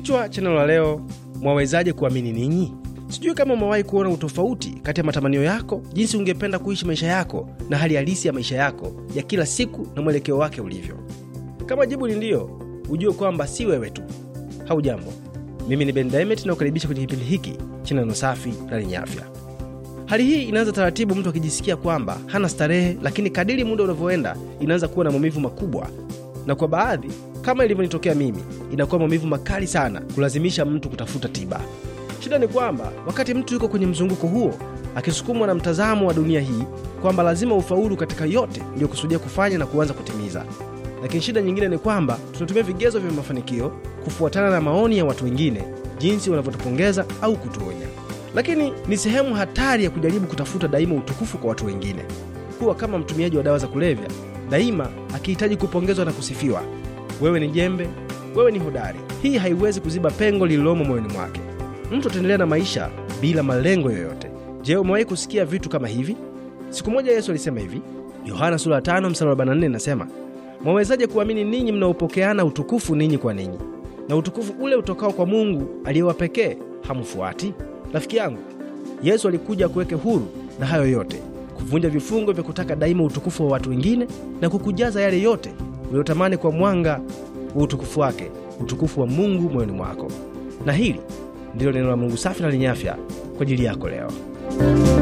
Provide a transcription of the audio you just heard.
Kichwa cha neno la leo, mwawezaje kuamini ninyi? Sijui kama umewahi kuona utofauti kati ya matamanio yako, jinsi ungependa kuishi maisha yako, na hali halisi ya maisha yako ya kila siku na mwelekeo wake ulivyo. Kama jibu ni ndiyo, ujue kwamba si wewe tu. Haujambo, mimi ni Ben naokaribisha na kukaribisha kwenye kipindi hiki cha neno safi na lenye afya. Hali hii inaanza taratibu, mtu akijisikia kwamba hana starehe, lakini kadiri muda unavyoenda inaanza kuwa na maumivu makubwa, na kwa baadhi kama ilivyonitokea mimi, inakuwa maumivu makali sana kulazimisha mtu kutafuta tiba. Shida ni kwamba wakati mtu yuko kwenye mzunguko huo, akisukumwa na mtazamo wa dunia hii kwamba lazima ufaulu katika yote uliyokusudia kufanya na kuanza kutimiza. Lakini shida nyingine ni kwamba tunatumia vigezo vya mafanikio kufuatana na maoni ya watu wengine, jinsi wanavyotupongeza au kutuonya. Lakini ni sehemu hatari ya kujaribu kutafuta daima utukufu kwa watu wengine. Kuwa kama mtumiaji wa dawa za kulevya, daima akihitaji kupongezwa na kusifiwa wewe ni jembe, wewe ni hodari. Hii haiwezi kuziba pengo lililomo moyoni mwake. Mtu ataendelea na maisha bila malengo yoyote. Je, umewahi kusikia vitu kama hivi? Siku moja Yesu alisema hivi, Yohana sura ya 5 mstari wa 44 inasema, mwawezaje kuamini ninyi mnaopokeana utukufu ninyi kwa ninyi, na utukufu ule utokao kwa Mungu aliyewa pekee hamfuati? Rafiki yangu, Yesu alikuja kuweke huru na hayo yote, kuvunja vifungo vya kutaka daima utukufu wa watu wengine na kukujaza yale yote uliotamani kwa mwanga wa utukufu wake utukufu wa Mungu moyoni mwako. Na hili ndilo neno la Mungu safi na lenye afya kwa ajili yako leo.